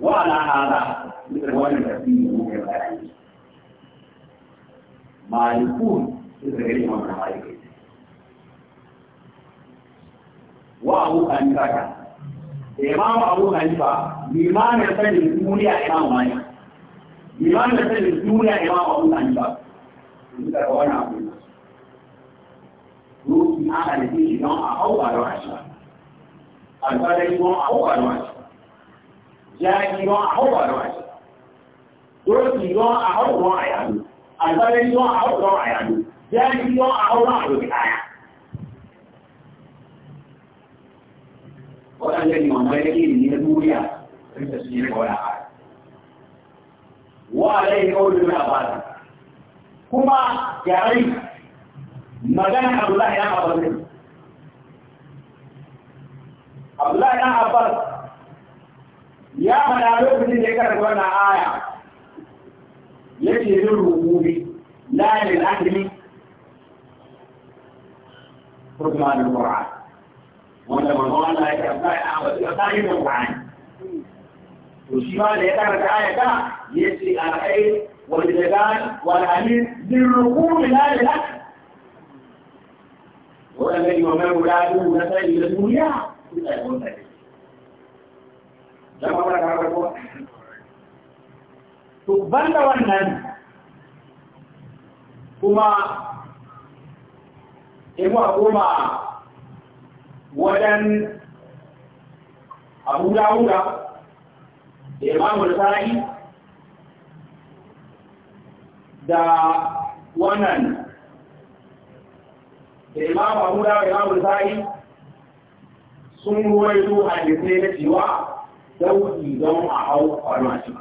وعلى هذا مثل وجه التفسير ما يكون مالكون مثل غير من مالك وأبو حنيفة إمام أبو حنيفة لمن يسأل الدنيا إمام مالك لمن يسأل الدنيا إمام أبو حنيفة مثل وانا أبو Ruki ana da shi don a hauwa da wasu, ya yi ruwan a hau ba ruwan shi doki ruwan a hau ruwan a yadu albarai ruwan a hau ruwan a yadu ya yi ruwan a hau ruwan a doki kaya waɗanda limamai da ilimi na duniya sun ta su yi ga wani a wa alai kawai da ba kuma yare magana abdullahi ya abbas abdullahi ya abbas ya faɗa lokacin da ya karanta wannan aya yake yin rububi la lil ahli Qur'an al-Qur'an wanda manzo Allah ya karanta a wajen tsarin Qur'ani to shi ma da ya karanta aya ta yace al-ayy wal jadan wal amin lil rububi la lil ahli wannan ne wannan guda duk na sai da duniya kuma ya zama mana ko to banda wannan kuma in wa kuma wajen abu huda da imamul sa'i da wannan da imam abu dawuda imamul sa'i sun ruwaito hadisai na cewa sauki don a hau kwaron shi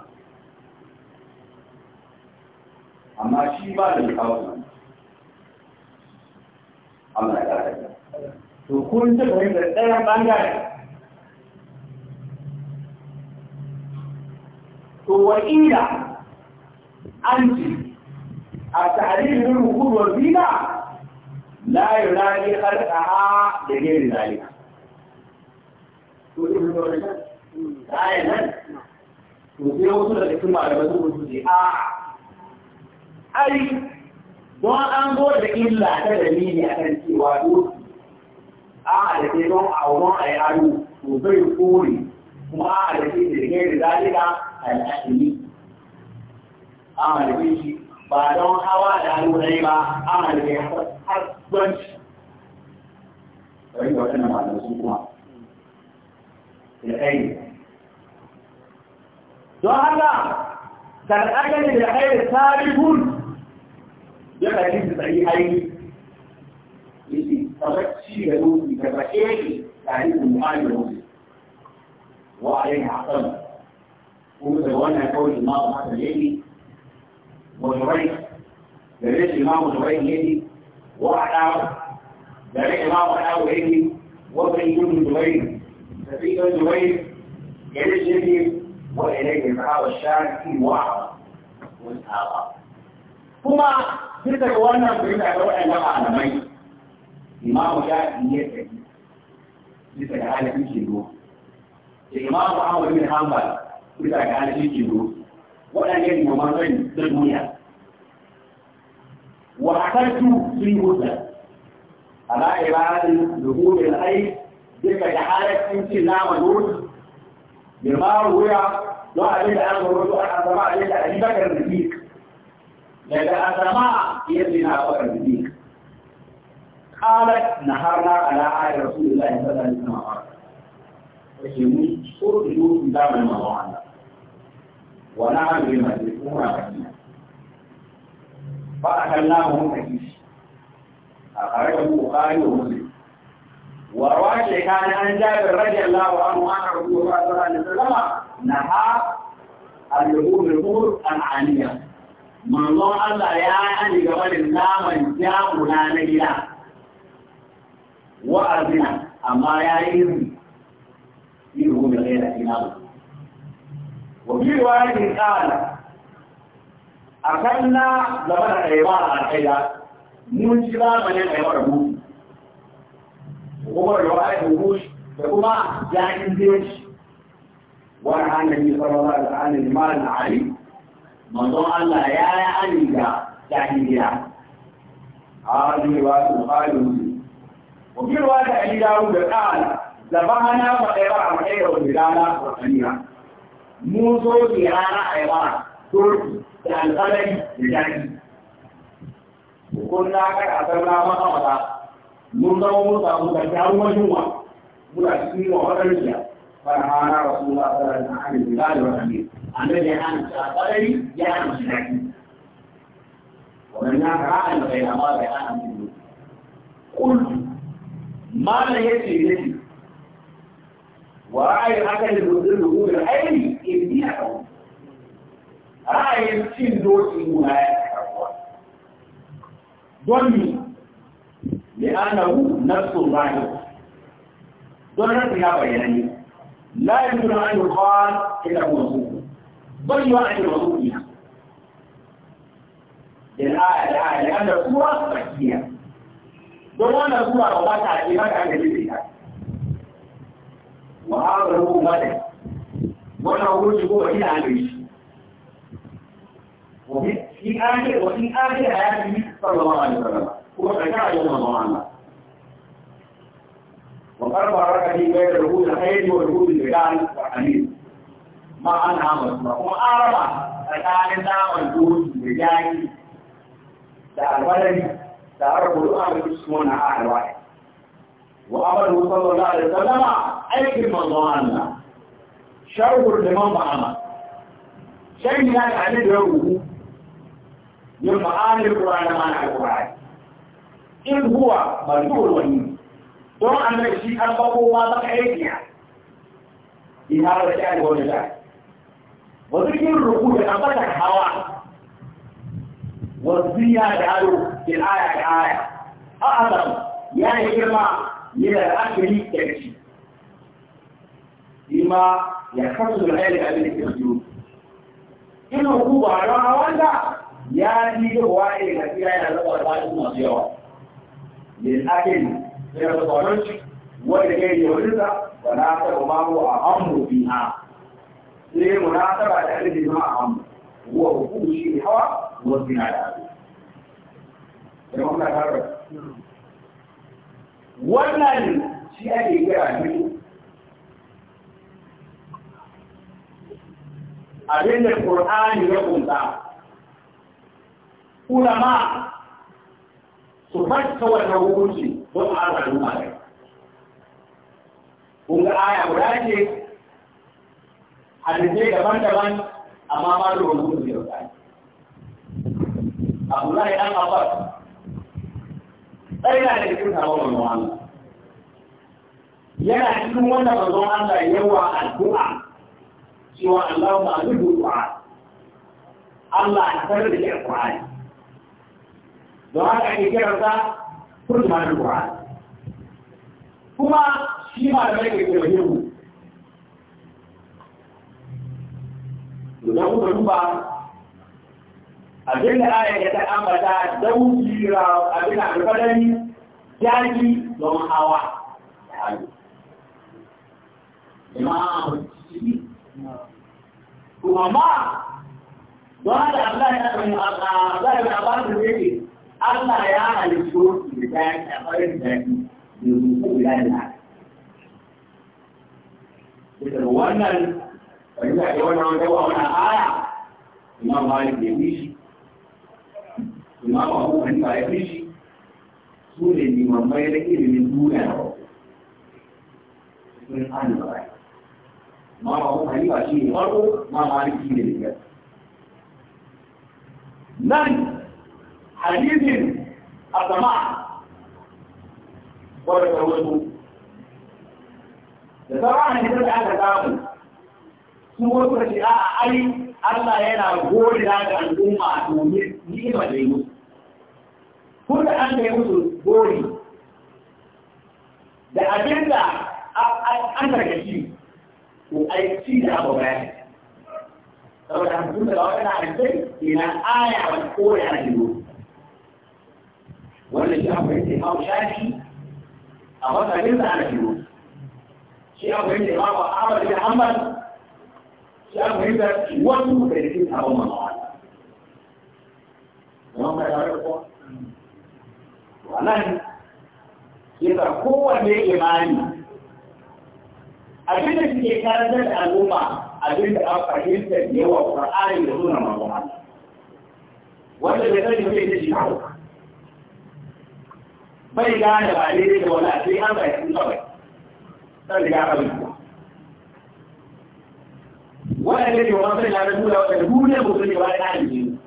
amma shi ba da kawo nan Allah ya kare to kun ta fahimtar ɗayan bangare to wa'ila an ce a tarihin hukumar zina la yi rani har da gairin zalika. To, ɗin ayan nan to sai wasu daga cikin malamai sun rubuce a ai don an zo da illa ta dalili a kan cewa dole a da ke don auren a yi ado to zai kore kuma a da ke da ke da zalika al'adini a da ke shi ba don hawa da ado ne ba a da ke hasbanci rai da waɗannan malamai sun kuma da ɗaya وهلا كان أجل الحيل الثالث يبقى جيد بأي حيل يجي طبق شيء يقول كبكيكي تعريف المعالي الوزي وعليه عقل ومتغوانا كوي الماضي حتى ليدي مجريك دريش الماء مجريك ليدي وعلى دريش الماء وعلى ليدي وفن يكون مجريك ففي كل مجريك يدش ليدي وإليه البحار الشارع في وعظ والآراء كما ذكر وانا بريد أدواء لما على مي إمام شافعي يسعي يسعي على في جنوه إمام أحمد بن حنبل يسعي على في جنوه وأنا يجد ممرين بالدنيا واحتجت في مدة على إبعاد ظهور الأيض ذكر حالة يمكن جنوه بما روي لو عليك أن رجوع الأزماء عليك أبي بكر الصديق لأن الأزماء يدنا أبو بكر قالت نهارنا على عهد رسول الله صلى الله عليه وسلم وشيمون صور جنوب في دام الموضوع ونعم بالمسجد وما مدينة فأخلناهم حديث أخرجه البخاري ومسلم ورواه الشيخان عن جابر رضي الله عنه ان رسول الله صلى الله عليه وسلم نهى عن لحوم الخمر العاليه manzon Allah ya hani game da naman jamuna na gida wa'azina amma ya yi iri iri gome da yana ina ba wa bi wani kala a kan na gaba da ɗaya ba a ɗaya mun ci zamanin ɗaya ba da mu kuma riwayar hukush da kuma ya inda shi wani annabi sallallahu alaihi wasallam malam ali manzon Allah ya yi alinga jahiliya a riwayar bukhari muslim wa bi riwayar ali dawo da qala zabana wa ayra wa ayra bidana wa qanira mun zo ki rana ayra turki da alqalami da jahili kunna kar asarna maka mata mun zama mun samu da gyaruwar yunwa muna cikin wa waɗanda farhana rasulullah sallallahu alaihi wa alihi wa sallam annabi ya hana tsakari ya hana shi daki wannan ya ra'a da bai amma bai hana mu kul mala yace ne wa ra'ayi haka da dukkan rubutu aini in ya kawo ra'ayin cin doki mu na ya kawo don ni لأنه نفس الله دون نفسها يعني لا يمكن أن يقال إلا هو موصوف بل يعد الموصوف فيها الآية الآية لأن الصورة تحكيها دون أن الصورة رواتها عن جديدها وهذا هو مدى وأنا أقول هو إلى أن يشي وفي آخر وفي آخر حياته صلى الله عليه وسلم kuma ka sha yin manzon Allah wa karfa raka ni bai da rubuta hayri wa rubuta bidan wa qalil ma an amal kuma araba tsakanin zaman duhu da yaki da albalari da arbul amri suna alwai wa amalu sallallahu alaihi wasallam aikin manzon Allah sharhur liman ba'ama shan ya da ali da rubu yin ma'anar Qur'ani ma'anar Qur'ani in huwa marjuul wani don annabi shi an ba kowa ba kaiya in har da shi wani da wa zikin ruku da ambata hawa wa ziyada fil aya da aya a'azam ya yi girma من الأكل يكفي لما يحفظ العيال قبل التخيل إن العقوبة على ولا يعني هو إلى كثيرة إلى الأربعة المصيرة للأكل من التطرج والغير يولد وناسب ما هو أهم فيها ليه مناسبة تحدث ما أهم هو وقوع شيء الهوى والزنا العادي wannan shi ake kira biyu abinda ƙur'ani ya kunta ulama su farka wannan hukunci don a hana al'umma ne kun ga aya guda ce hadisai daban-daban amma ba da wani hukunci da wani Abdullahi dan Abbas tsaye na da cikin sabon manzon Allah yana cikin wannan manzon Allah yawa addu'a cewa Allah ma'alubu du'a Allah a sanar da shi alƙur'ani don haka ake kiransa turmanin Qur'ani kuma shi ma da mai ke muhimmi da kuma duba abin da ayar ya ta ambata don jira abin da alfadari yaki don hawa kuma ma don haka Allah ya ɗaukar a zaɓar da yake Allah ya halittu su da ya shafarin da ya rufu guda da haka. Bisa wannan, wani da ke wannan wata wa wani aya, imam Malik ya fi shi, imam Abu Hanifa ya fi shi, su ne limammai na ilimin duniya sun hannu da bai. Imam Abu Hanifa shi ne farko, imam Malik shi ne da Nan hadisin a sama wadda ta wasu da sauran hadisin da aka samu sun wasu da shi'a a ai Allah yana gorira ga al'umma domin ni'ima da yi musu. Kun da an da yi musu gori da abin da an tarkaci ko da abu bayan. Saboda hankali da waɗanda a kai, ina aya wani kore ana jiro. وانا شيء أبو عند الإمام شافي أبطى من على الجنود شيء أبو عند الإمام أحمد بن حنبل شيء أبو عند الإمام وانا في الدين أبو ما قال وما يعرفه وانا إذا هو من إيماني أجل bai gane ba daidai da wani sai an bai sun kawai sai da aka rubuta wanda ke wani sai na dula wanda duniya ko sai ba da ni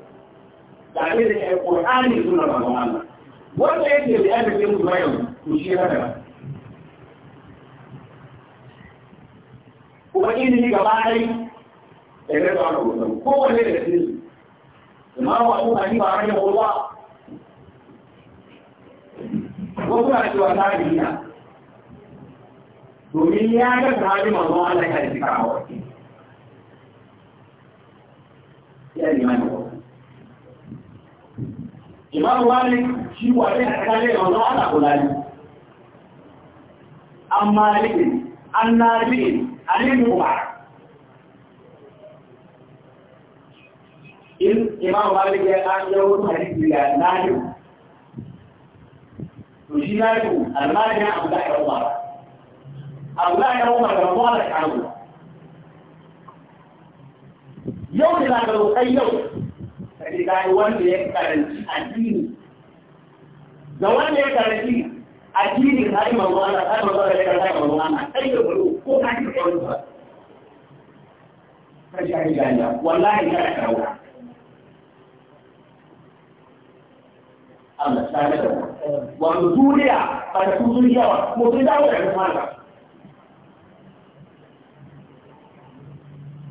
da ne da Qur'ani sunna ba wannan wanda yake da yadda ke mutu yau to shi ya da kuma ilimi gaba dai da ne ba ko wanne da shi Imam Abu Hanifa rahimahullah kuma suna cewa ta biya domin ya ga sahabi manzo Allah ya ji kawo ya ni mai Imam Malik shi wani a tsakanin manzo Allah ko lali an malikin an nabi alim mubarak in Imam Malik ya an yawo hadisi ga nabi وشي ما يكون المال هنا أبو دحر عمر أبو دحر عمر كان مالك عنه يوم لا تقول أي يوم فإذا كان وان يكتر الدين زوان يكتر الدين الدين هاي مولانا هاي مولانا هاي مولانا أي يوم هو كان يقول فجأة جاية والله لا تروح الله سبحانه wanda duniya a da sun zuri yawa mutum da wani da mata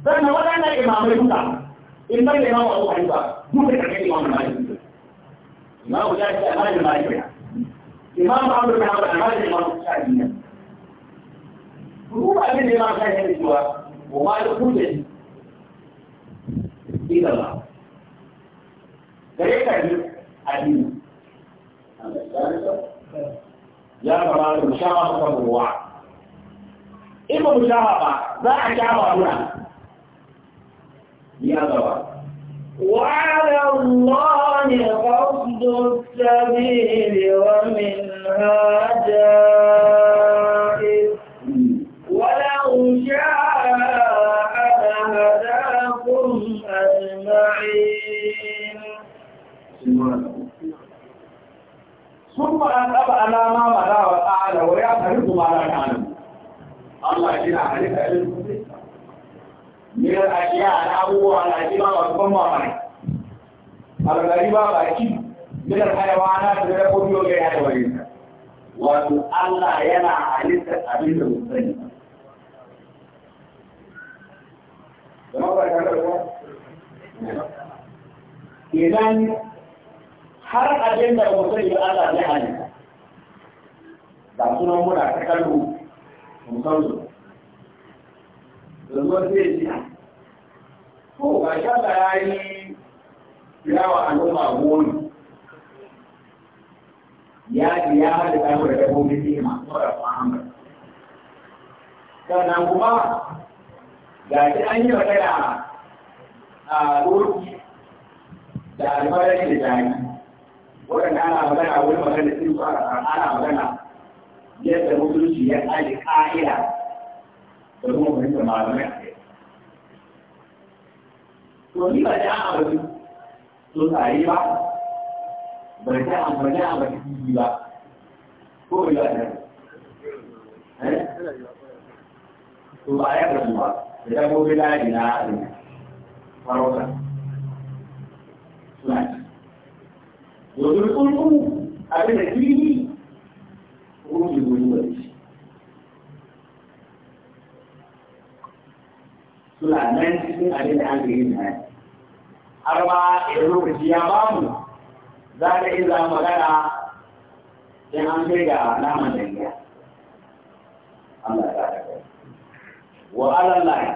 sannan waɗannan imamai duka in ban da imamu abu hanifa duka da kai imamu malik imamu ya ce alhaji malik ya imamu abu da hawa alhaji imamu shafi ne duba abin da imamu shafi ne cewa wa malik kuje idan ba gare ka ne addini ya kamata mu shafa maka ruwa in ba mu shafa ba za a shafa muna ya gaba وعلى الله قصد السبيل ومنها جاء ثم أنقب على ما مدى وتعالى ويعترف ما لا يعلم الله يجينا عليك علم من الأشياء أنا والعجيبة والكم والمعنى الغريبة والعجيب من الحيوانات اللي يقول يوم يحيوانين وأن الله ينا عليك أبيض المستنين إذن har abin da ba sani ba Allah zai halitta da sunan muna ta kallo musamman domin zai ji ko ba sha da ya yi yawa al'umma goni ya ji ya hada samu da dabbobi ne masu da Muhammad sannan kuma ga shi an yi wa magana a roki da albarar da jami'a waɗanda ana magana wani magana sun su ana magana yadda musulunci ya aje ka'ida da kuma fahimta malamai a kai. To ni ba ta ambaci to tsari ba, ba ta ambaci ambaci kiki ba, ko bai ba ta eh? To ba ya rasu ba, da ta gobe layi na farauta. Suna domin tsuntsu abin da kiri rufi wuri wani suna nan cikin abin da aka yi na har ma idan lokaci ya bamu za ka yi za magana in an kai ga naman dangiya Allah ya kai wa alallahi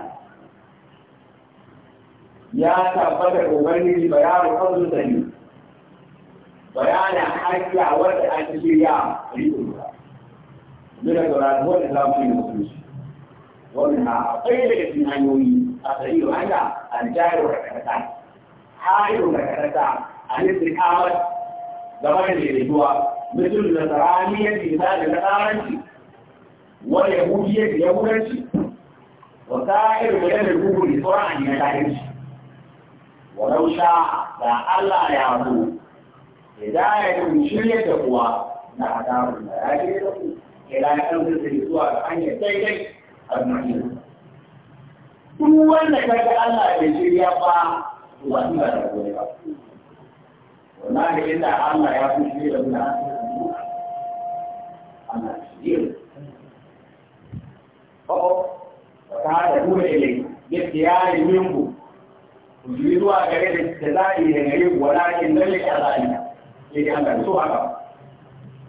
ya tabbata ubangiji bayanin kawai da ni bayanin haƙƙa wadda an shirya rikunta. Mira saurari wadda za mu yi musulunci. Wannan akwai daga cikin hanyoyi a tsariyo hanya an jayar da karata. Hayo da karata a nufin kamar game da daidaituwa. Mutum da tsaraniyar da da nasaranci. Wani yahudiyar da yahudanci. Wata irin wajen da gugu da sauran hanyar tarihi. Walau sha da Allah ya so hidayatin shirya da kuwa na hadamun da ya shirya da ku ya hidayatin zirgin zuwa ga hanyar daidai a duniya. Duk wanda ka ga Allah bai shirya ba ba su da rago ne ba. Wallahi inda Allah ya fi shirya da muna Allah shirya. Oh, ta hada kuma ilai, yadda ya yi minku, ku zuwa gare da za a yi da gare walakin lalle a zalika. sai Allah so haka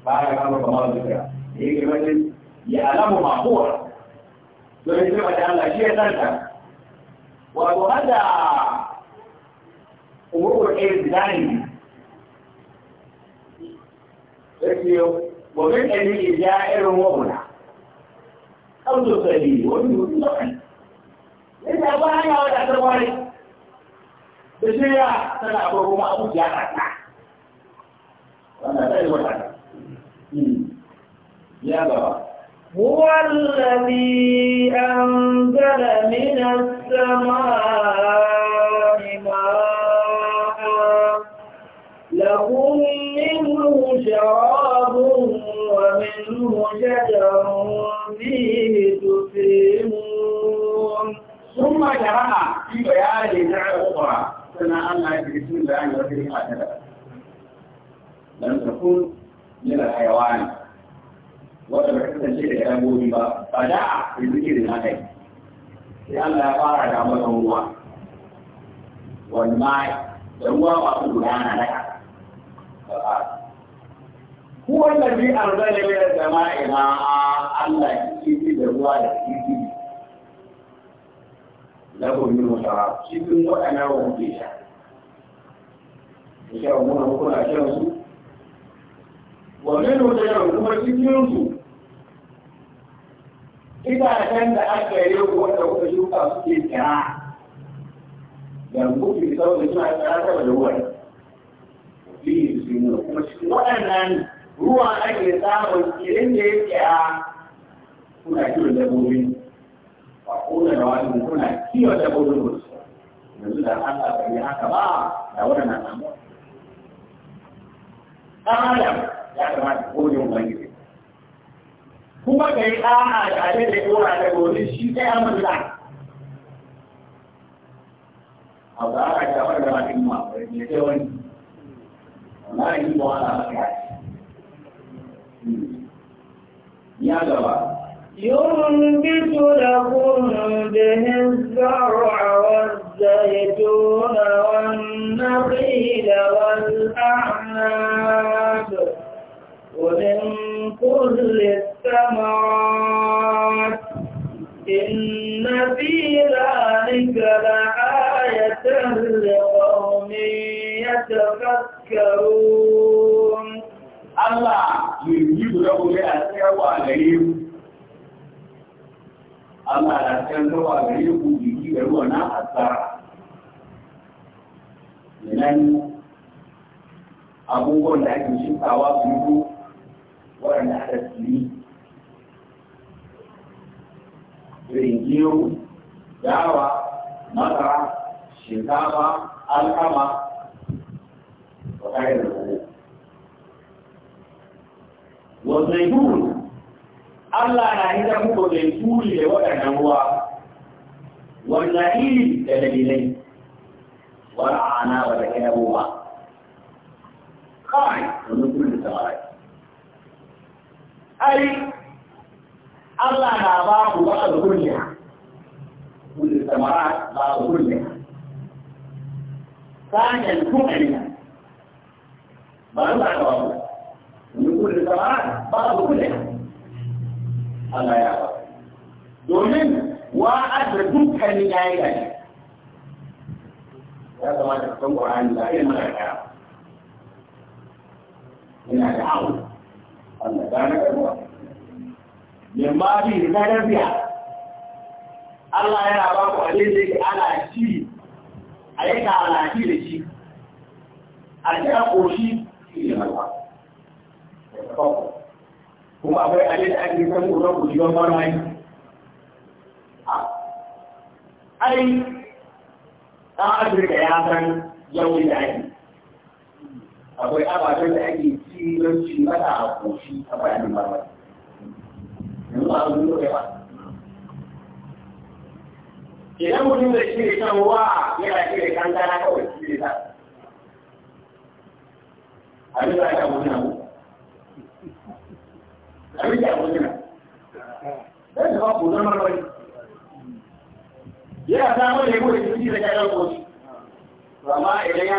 ba ya kama kamar zikira da yake wajen ya alamu mahuwa to ya ce mata Allah shi ya santa wato hada umurur ɗaya zidani ya ce wabin ɗari ya irin wabula ƙarfi sari wani mutum da kan yadda ba ya wadatar wani da shirya tana abubuwa abuja a ta هو الذي أنزل من السماء ماء لكم منه شراب ومنه شجر فيه تسلمون ثم جاء في بيان أخرى سنة الله بسم الله الرحمن الرحيم dan tafun yana haiwani wata ba ta da dangobi ba ba da a rikiki da nakai sai ya fara da mazan wani mai da ruwa masu gudana na ka ku wannan bi a rubanin mai da mai na allah kifi da ruwa da kifi na gobe musa cikin waɗannan rubuce shi shi a wani hukuna shi su ومنه تجربة كما تكينسوا إذا كان أكا يوم وأنت أشوف أفكي كراع ينبوك بسبب إجماع الثلاثة والأول فيه يسلمون وأنا هو أجل سامن إلين يكيا كنا كيو دبوين وقونا نوالي كنا كيو دبوين yanzu da Allah bai haka ba da wannan al'amura. Ɗan Adam ya kamata ko yin ubangiji kuma ka yi ɗana da abin da ya dora da gobe shi ta yi amurka a ba a shafar da mafi ma ya ce wani na yi ba wani amurka ya gaba ينبت لكم به الزرع والزيتون والنخيل والأعناب ومن كل الثمرات إن في ذلك لآية لقوم يتفكرون الله يجيب له لأسير وعليم Allah na can kawo gare ku jiki da ruwa na asara. Nan abubuwan da ake shimfawa su yi وانا احس لي برنجيو جاوة مطرة شنطابة القمة وغير الحروف وزيتون الله انا عايز اقول زيتون اللي هو هو والنعيم الذي لي ai Allah na ba ku ba da kunya kullu samara ba da kunya sanan kunya ba da ba ku kullu samara ba da kunya Allah ya ba domin wa'ad da dukkanin yayi gashi ya kamata ka san Qur'ani da ilmin da ina da hawa Allah gane karuwa yamma bi na rabiya Allah yana ba ku abin da yake ana ci a yi ka ana ci da shi a ci a ƙoshi shi ne halwa kuma akwai abin da ake san ƙura ku jiwon marmari ai ɗan afirka ya san yawon da ake akwai ababen da ake turanci mana a koshi a bayanin ba yanzu a zuwa kai ba idan mutum da shi ne shan ruwa yana shi ne kankana kawai shi ne ta abin da aka mutu na mu abin da aka mutu na zai zama kudin yana samun da shi da koshi amma idan ya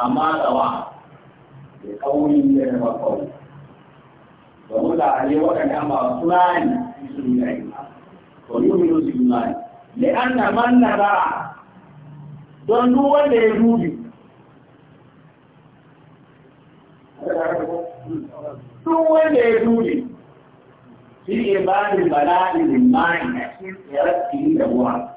amma tsawa da kauri da na bakon da mutane waɗanda ba fulani su yi aiki to yi minu su yi mani an na man na ba don duk wanda ya dubi duk ya dubi shi ne ba ni bala'i da mani a cikin da ruwa.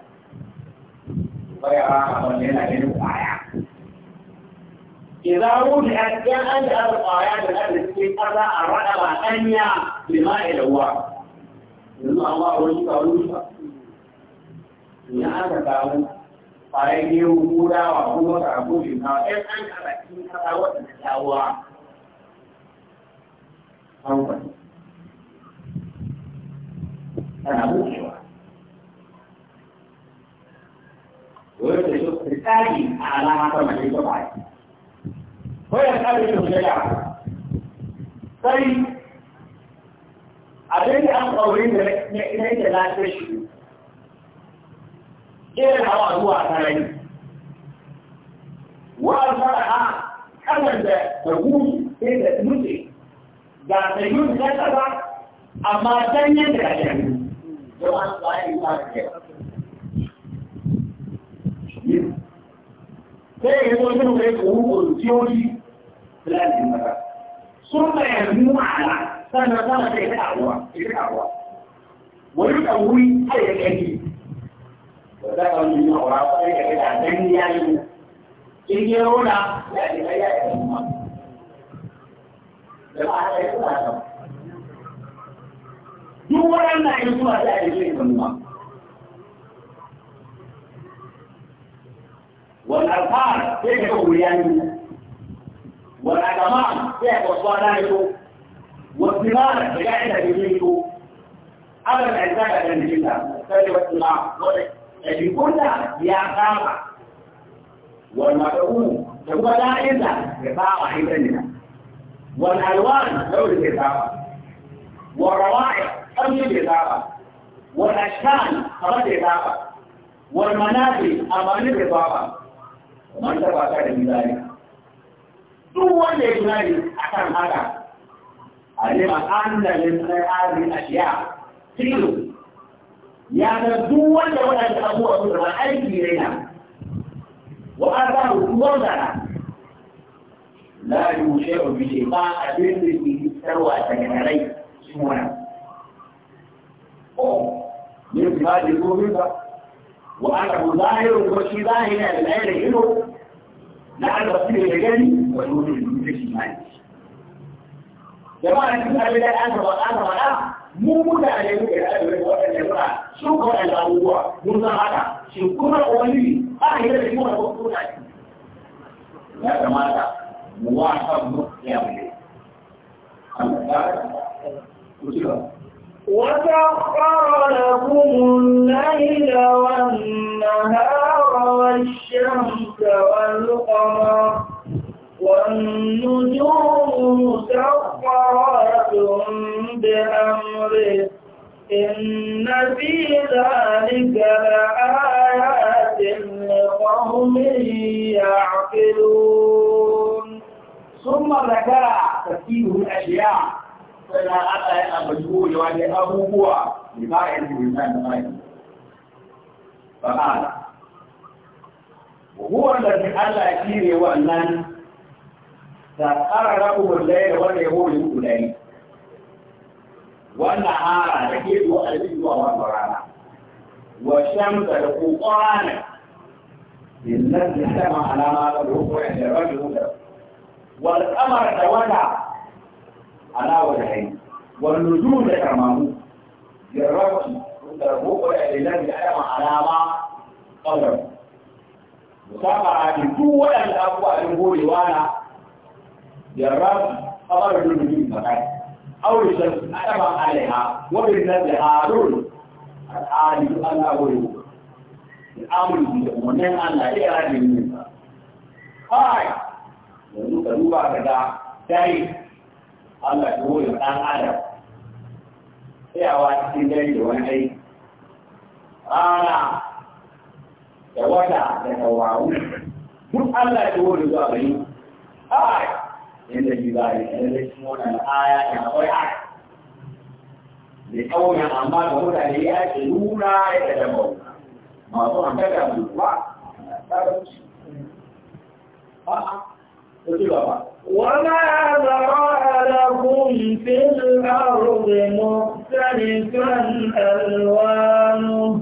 إذا وضعت جاءت الآيات التي أتى الرقبة أنيا بماء الهواء لما الله وجهك وجهك إن أنت تعلم فأيدي وجودا وقوة عبودنا إن أنت تكين تتاوت الهواء أولا أنا مؤمن ويرجع الثاني على ما تمشي طبعا bayan ƙarfi da biyayya sai abin da an ƙauri da na yake lafiyar shi irin hawa zuwa sarari wa'an fara'a kanan da tagu sai da nutse ga sayun da ƙasa amma danyen da ƙashe jama'an tsayin tsarin yau sai yanzu wani mai ƙuru ƙuru لازم بقى ثم يبنوا على سنة سنة يتعوى يتعوى ويقوي هذا الأجيب وذكر من أوراق ذلك إلى أن يعلموا إن يرون ذلك لا يعلمون جماعة يقول هذا duk waɗanda ya zuwa da a yi kuma wani alfahar sai ka ga wuriya ne والعجمان يحفظ صلاته والثمار بجاعدة يجيبه أبدا العزاء لن جدا الثاني والثمار أجل كلها هي وما تقوم تقوم لا إلا كفاءة حيثنا والألوان لون كفاءة والروائح خمس كفاءة والأشكال خمس كفاءة والمنابر أمان كفاءة ومن تبع ذلك duk wanda ya tunani a kan haka a neman andalin na arzin ashiya tilo ya ga duk wanda waɗanda abubuwa su zama aiki raina wa an za mu kuma zara la yi wuce a bishe ba a bin da ke tarwa ta ganarai shi wani yin ba da gobe ba wa an abu zahirin kuma shi zahirin da ɗaya da ido na albasirin da gani والوجود المتجمعي جماعة الإسلام لا أثر أثر لا mu mutane muke da adadin waɗanda muna sun kawai waɗanda abubuwa mun san haka shi kuma wani ana yi da shi wani wasu mutane ya kamata mu wa kan mu ya mu ne وسخر لكم الليل والنهار والشمس والقمر والنجوم مسخرات بأمره إن في ذلك لآيات لقوم يعقلون ثم ذكر ترتيب الأشياء فلا أتى مجهول وأن أبوه لما يعرف الإنسان فقال وهو الذي ألا يكير وأنان سخر لكم الليل واليهود يقول لي والنهار تكيد والبيت والمرانا والشمس لقطانا للذي اجتمع على ما تدعوه عند الرجل تولى على وجهين والنجوم ترمموا للرجل تدعوه للذي اجتمع على ما قدره مسابقة بكل يرام خبر الوجود فقط أو الشمس أتبع عليها وبالنسبة هارون العالم ألا غيره الأمر من أن لا يرى منك هاي yanzu ka duba ka ga dai Allah ya goyi ɗan adam tsayawa cikin dai da wani aiki rana wata da Allah ya goyi zuwa gari ai yadda yi ba yi tsanarai kuma wani al'aya da akwai aka da amma da wuta ya ce nuna ya ta dama masu hankaka su ba na tarihi وما ذرأ لكم في الأرض مختلفا ألوانه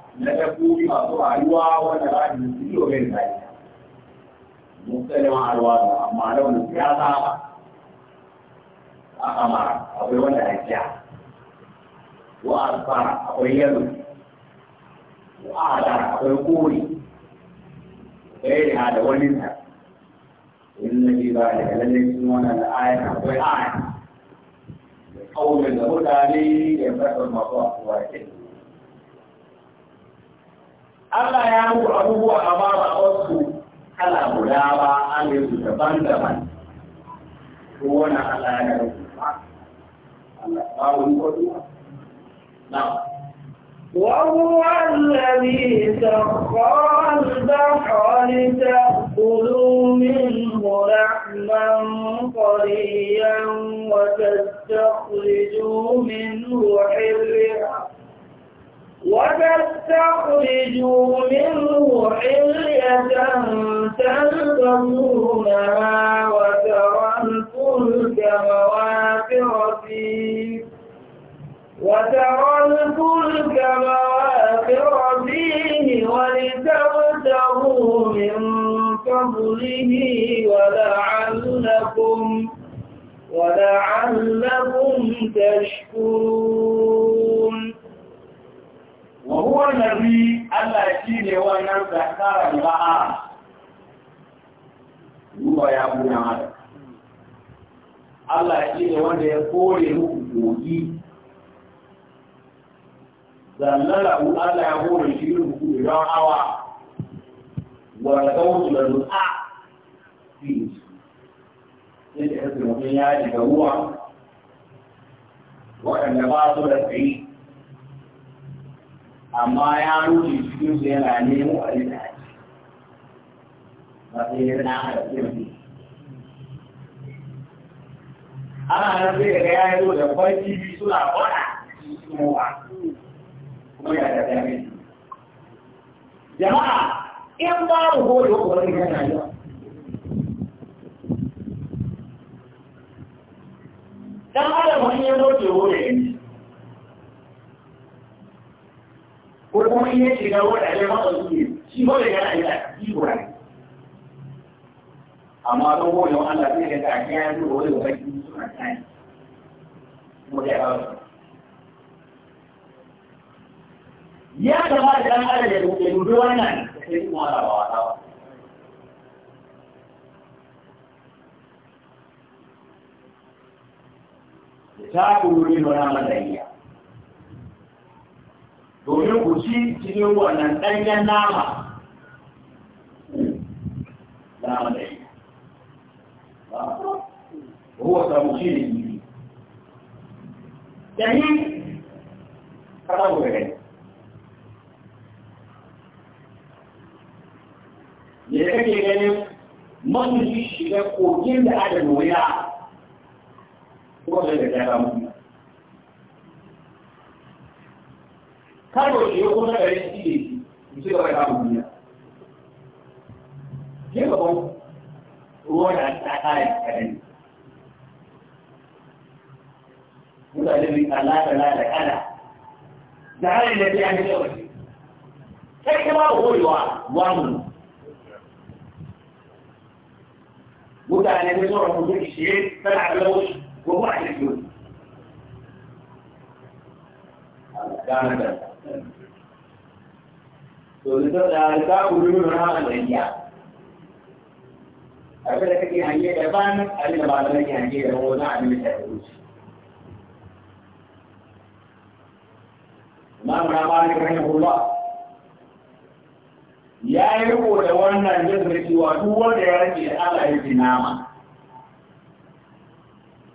na dabbobi masu rayuwa wanda za su yi kilo mai zai musulman alwado amma launin siyasa ba a kamara akwai wanda a jiya wa alfara akwai yalo wa adara akwai kore ɗaya da da wani sa in na ji ba da lallai sun wannan da ayan akwai ayan da kaunin da mutane da ya fasa masu asuwa ya ce Allah ya muku abubuwa a ba ba wasu kala guda ba an yi su daban-daban. Ko wani Allah ya rufu ba. Allah ba wani kodu ba. Na. وهو الذي سخر البحر لتأكلوا منه لحما طريا وتستخرجوا منه حرقا وتستخرجوا منه حلية تلبسونها وترى الفلك مواخر فيه وترى الفلك مواخر فيه ولتبتغوا من فضله ولعلكم ولعلكم تشكرون wa huwa nabi Allah shi ne wannan zakara ba'a ruwa ya buna mata. Allah shi ne wanda ya kore muku kogi zallara ku Allah ya kore shi muku idan hawa wa kautu da zu'a fi yadda ya zama ya ga ruwa waɗanda ba su da tsayi amma ya rufe cikin su yana nemo a yi ba sai na harfi ana harfi da ya yi zo da kwanci suna kwada kuma kuma ya da dame jama'a in ba mu gode yana yi dan adam wani ya zo ke wuri in ko kuma in ya shiga wurare matsatsu shi ba da yana yana iko ne amma don goyon Allah zai ga ta ya yi wani baki suna tani kuma da yawa ya kamata dan adam ya dubi wannan sai kuma da ba wata ba ta kuri wannan malaiya domin ku ci cikin wannan ɗanyen nama nama da yi ba kuwa samu shi ne yi da yi kada ku gare ne kake ganin masu shi shiga kogin da adam wuya ko da da ya samu karo shi ko na gare shi ne mu ci gaba da duniya ke ba ruwa da ta kare kadan mutane bi kala kala da kala da hali da biya ne kawai kai kuma hoyewa wa mu mutane ne zuwa mutum shi tana da wani ko kuma a cikin gane da to da ta ta ku rubu na alaiya abin da kake hange da ban abin da ba da kake hange da wani abin da ta rubuce Imam Ramani rahimahullah ya yi riko da wannan jirgin cewa duk wanda ya rage Allah ya ji nama.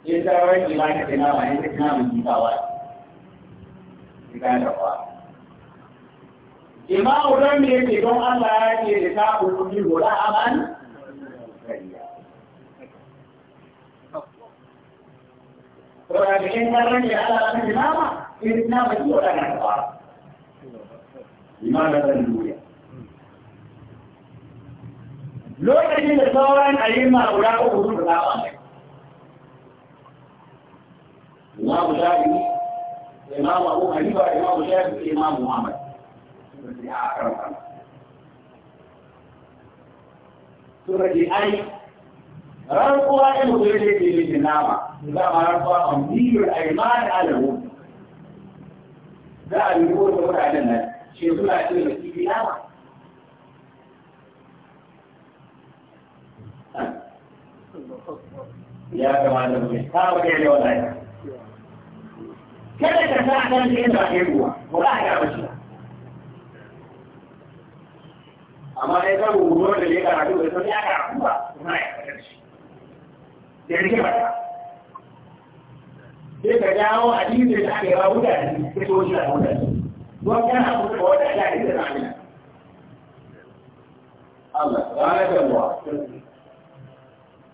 In ta rage ba ka ji nama, in ta ji nama ji ba wa. Ki gane da kwa. imamu don me yake don Allah ya ce da ta kulli guda aman Saboda da in kan rage Allah ta imama, in na baki waɗannan ba. Imama zan duniya. lokacin da sauran ayyuma guda uku sun fita ba mai. Imamu Shafi, Imamu Abu Hanifa, Imamu Shafi, Imamu Muhammad. ya karanta suka ce ai rantsuwa in mutum ya ce ke yi nama za ma rantsuwa a miyar aiman alamu za a yi kowace mutanen nan shi suna ce da kifi nama ya kamata mu ta ba kai da wallahi kada ka sa kan ka yana ruwa ko ba ka ba shi amma dai kan rubutu da ya karatu da sun ya karatu ba na ya karatu da rike ba sai ka dawo a jikin da aka yi ba mutane ta so shi a mutane don kana kuma wata ya yi da rami Allah ya yi da ruwa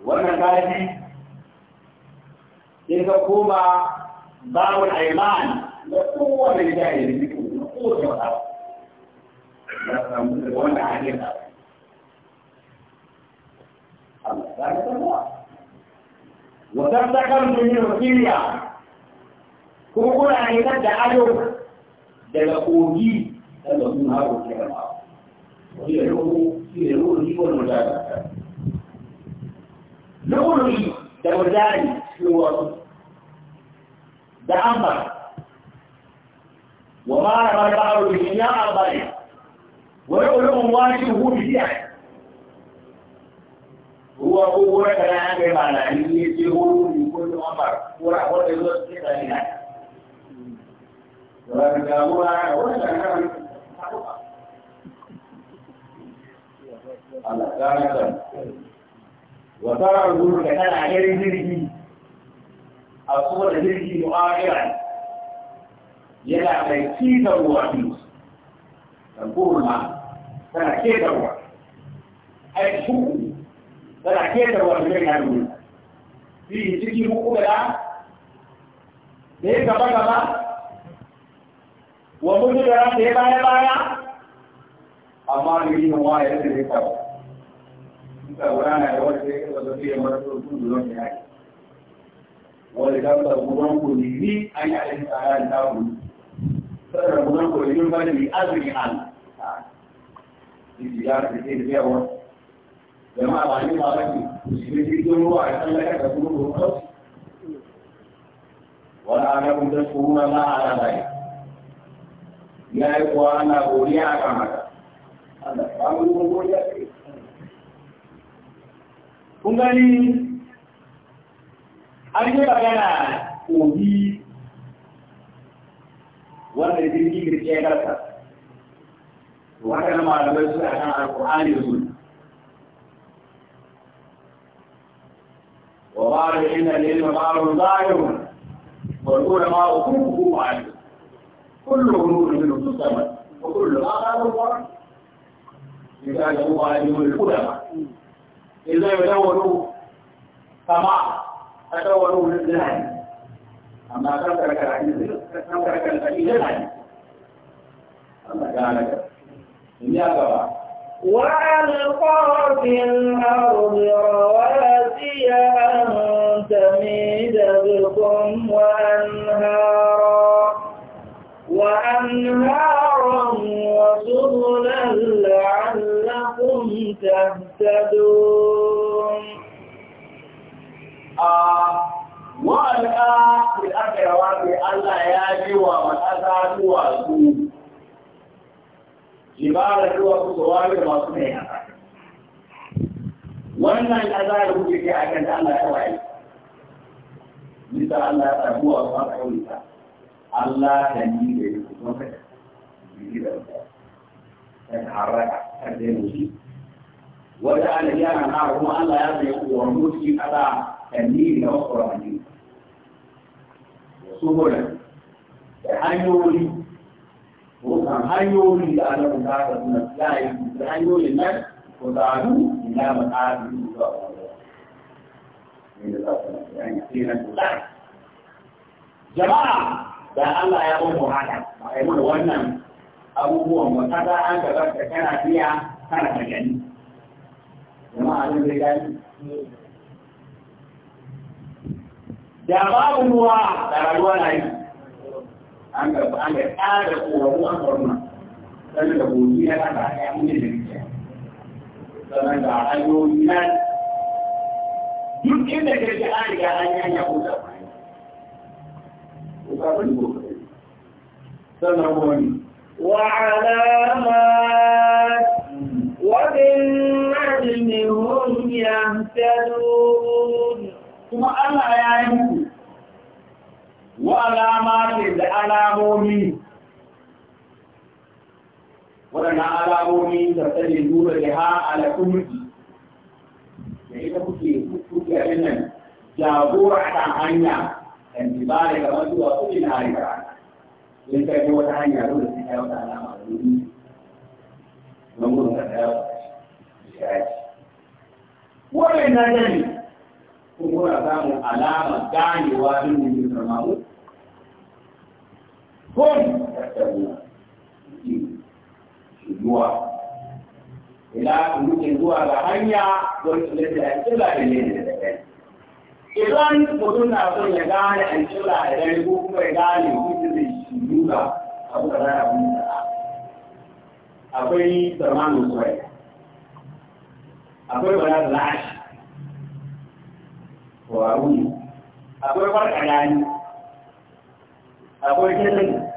wannan galibi sai ka koma babul aiman da kowane jahili da kowace wata ya samu da wanda ake da وتفتكر من الوسيلة كم كنا عندنا تعالوا دلقوجي دلقون هذا الكلام وهي لغة هي لغة لي والمجاهدة لغة لي دمجاني لغة دعمر وما رأى بعض الدنيا أربعين ويقولون واجبه بدعة هو هو كان عامل على أن يجيبه لكل أمر وهو يزور كذا هنا ولكن هو ولا كان Allah ta rasa wa tara zuru da kana garin jirgi a kuma da jirgi mu'amira yana mai cizon ruwa biyu da kurma tana ketarwa ai shuku tana ketarwa da mai hannu fi ciki muku da da ya gaba gaba wa mutu da da ya baya baya amma da yi nawa ya zai da kawo suka na da wata ya kasa zafi ya mara tsoron kudu don ya yi Wani ta fara gudan kudi ni an yi alisa ya da ta wuri sarrafa gudan kudi don ba da mai azumi hannu tijara da ke yawa ba ba a kan laka da kuma wani yi a ba mu an yi magana wanda jirgin da ke وهكذا malamai su a kan alƙur'ani da sunna wa ba'da inna lilma ba'run zahirun wal ulama ukhuhu ma'al kullu ulul min usama wa kullu aqalu qur'an إذا جاءوا عليهم العلماء إذا يدوروا سماع تدوروا للجهل أما ترك الحديث ترك الحديث الله جعلك وألقى في الأرض رواسي أن تميد بكم وأنهارا وأنهارا وسبلا لعلكم تهتدون آه، وألقى في الأرض رواسي ألا يجوى من أتى ibara zuwa kusurwa da masu mai wannan azabar kuke ke a kan Allah ya waye nisa Allah ya samu a kuma kaunta Allah da ni da ya kuma kada jiki da ta haraka ta da mushi wata ana yana na kuma Allah ya zai kuwa mushi kada da ni da wasu ramani da su da hanyoyi وكان هايولي لأنه مكاتب من السلاعي هايولي الناس وتعالوا إلى مكاتب من الله jama'a da Allah ya bamu haka a yi mana wannan abubuwan ba ta za an gaba da kana biya kana ka gani jama'a zai zai gani da babu ruwa da rayuwa na yi an ga an ga ƙara ƙorafu an ƙorna sannan da gobe ya ta ba ya mun da rikiya sannan ga hanyoyi na duk inda ka ji an riga an yanya ko da bayan ko ka bari ko sannan wani وعلامات وبالنجم هم يهتدون ثم الله يعلم وعلامات العلامومي ولنا علامومي تتجدون لها على كل لأنك يعني كنت كنت أن جابور عن عنيا انتباه لكما توا كل نهار كرانا لأنك جوا عنيا رول السحيوة علامة نمون السحيوة ولنا جميع kuma samun alama ganewa din da jirgin mamu kun tattabu shigowa ila muke zuwa ga hanya don su da alƙila da ne da kai idan mutum na son ya gane alƙila da ne ko kuma ya gane mutum zai shigo ga abu da rana abu da akwai zamanin suwai akwai wani lashi ko akwai farka gani akwai kirin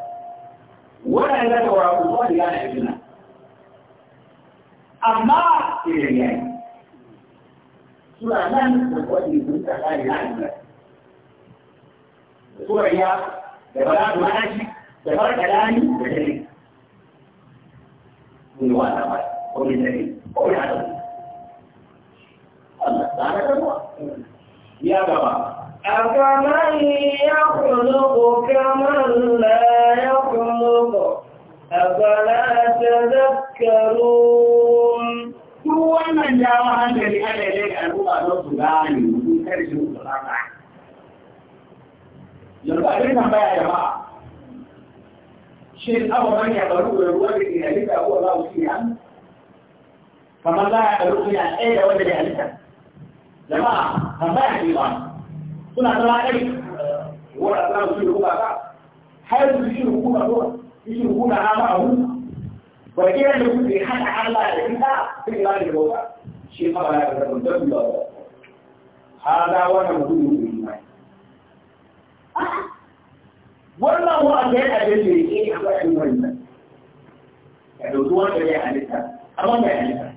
waɗanda da wa kuma da yana ibina amma irin yayi suna nan da kwaɗi sun tsaka da yana ibina da surayya da bala da manashi da farka dani da dare mun wa da ba ko ne dare ko ya da Allah tsara da ruwa ya gaba أفمن يخلق كمن لا يخلق أفلا تذكرون duk wannan jawo hankali ana yi da al'umma don su gane mutum kar shi su rasa yanzu abin nan baya jama'a shin abubuwan ya faru da ruwa da ke halitta ko za su yi hannu kamar za a ɗaru ɗaya da wanda bai halitta jama'a tambaya ne ba suna zama kai wanda za su yi hukuma ka har su yi hukuma ko yi hukuma na ma abu ba ke da su ke hada Allah da kita sai ya da gowa shi ma ba ya da mutum da hada wannan mutum ne wannan wa'anda ya da yake yi a cikin wannan ya dauki wanda ya halitta amma ya halitta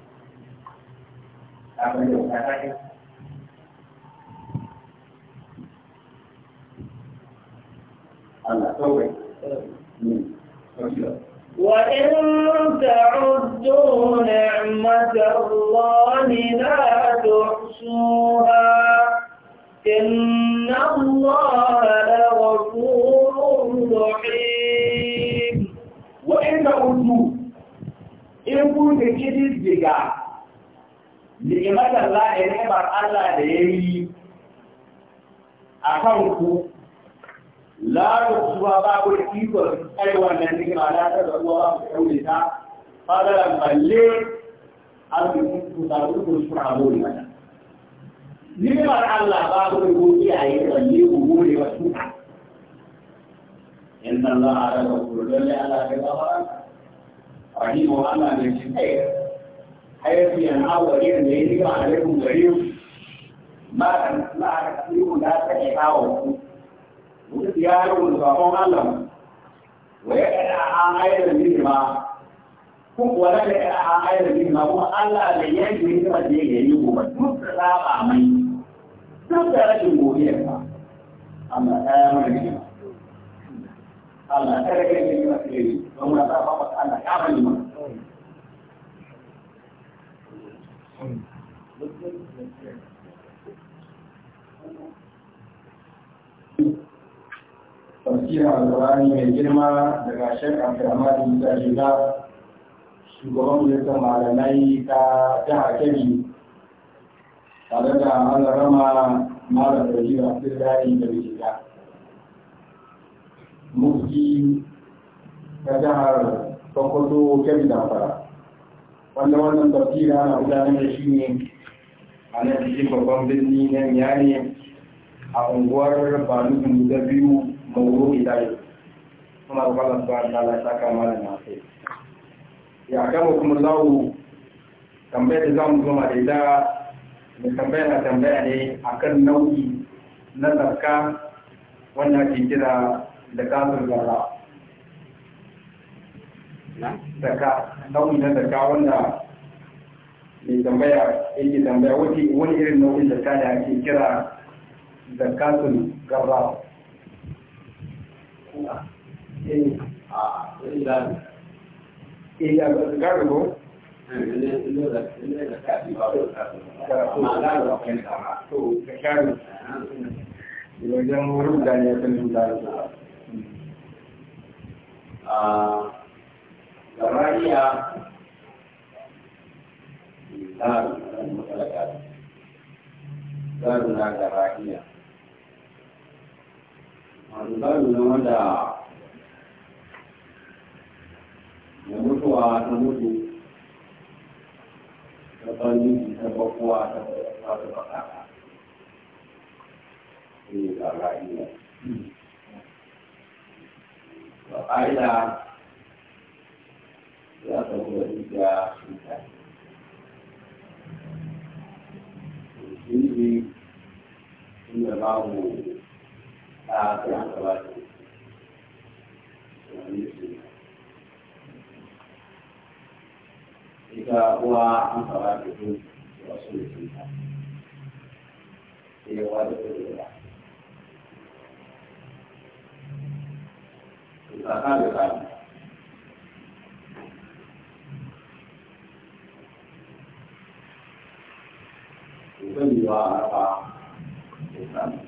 ta bayyana ta kai Allah kawai وإن تعدوا نعمة الله لا تحصوها إن الله لغفور رحيم وإن تعدوا in kun da kidis diga ni'imar Allah da da ya yi a لا يقصوها باب الإيكو أيوة الذي لا تدعوها بحولها فضلا بلي أن تتعرض الشعبون مثلا نمر الله باب الوضيع يولي أمور وسوء إن الله على رسول الله على كذا رحيم الله من الشيء حيث ينعو غير ذلك عليكم غريب ما ما تكون لا تحاول يارون صفون الله ويقع عن أيضا منهما كم ولا يقع عن أيضا منهما هو الله ليجي من مدينة يوم تسرع عمي تسرع جمهورية أما آمن منهما Allah kada ka yi masa yi don wani sarrafa Allah ya bani mana. tafsirin alƙur'ani mai girma daga shek abdulhamad ta shiga shugaban majalisar malamai ta jihar kebbi tare da alarama malam rajiyu abdullahi da bishiga mufi ta jihar sokoto kebbi damfara wanda wannan tafsiri ana gudanar da shi ne a nan cikin babban birni na miyane a unguwar banu da biyu mawuri dai kuma da Allah subhanahu wa ta'ala saka mana na sai ya gama kuma za lawo tambayar da za mu goma da ita mai tambaya na tambaya ne a kan nau'i na zakka wanda ke kira da kafin gara zakka nau'i na zakka wanda mai tambaya yake tambaya wani irin nau'in zakka da ake kira zakatul garra in a ilan ila garbo wajen wurin da ne kan da a garariya da da mutalaka da na garariya albarin na wanda ya mutuwa ta mutu ta bani ta bakuwa ta fata baka ne ga ra'ayi ba ƙa'ida za ta kuma ne inda babu Kita buat masalah itu, kita sulit. Iya, waduh, itu dia. Kita kan juga. Itu juga apa? Bukan.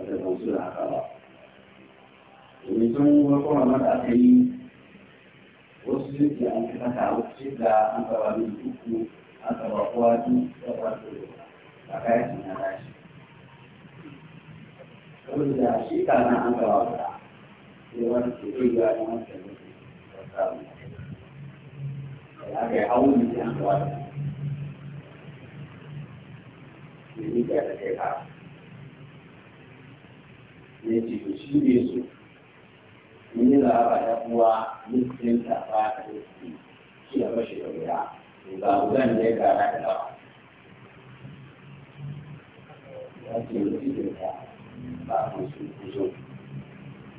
ba ta gamsu da haka ba domin sun farko ma da aka yi wasu suke an fi haka wasu suke an taba min uku an taba kowa duk taba su a kayan na tashi saboda shi kana an taba guda sai wani ke kai ya yi wani kalmi ba samu aka yi hawan mutum an taba guda. Ini dia terkait ya ce to shi ne so mun yi zaba ya kuwa mutum ta ba ta yi shi ya bashi da wuya to ga wuyan ne ga ra da lawa ya ce mutum ta ba ku su ku so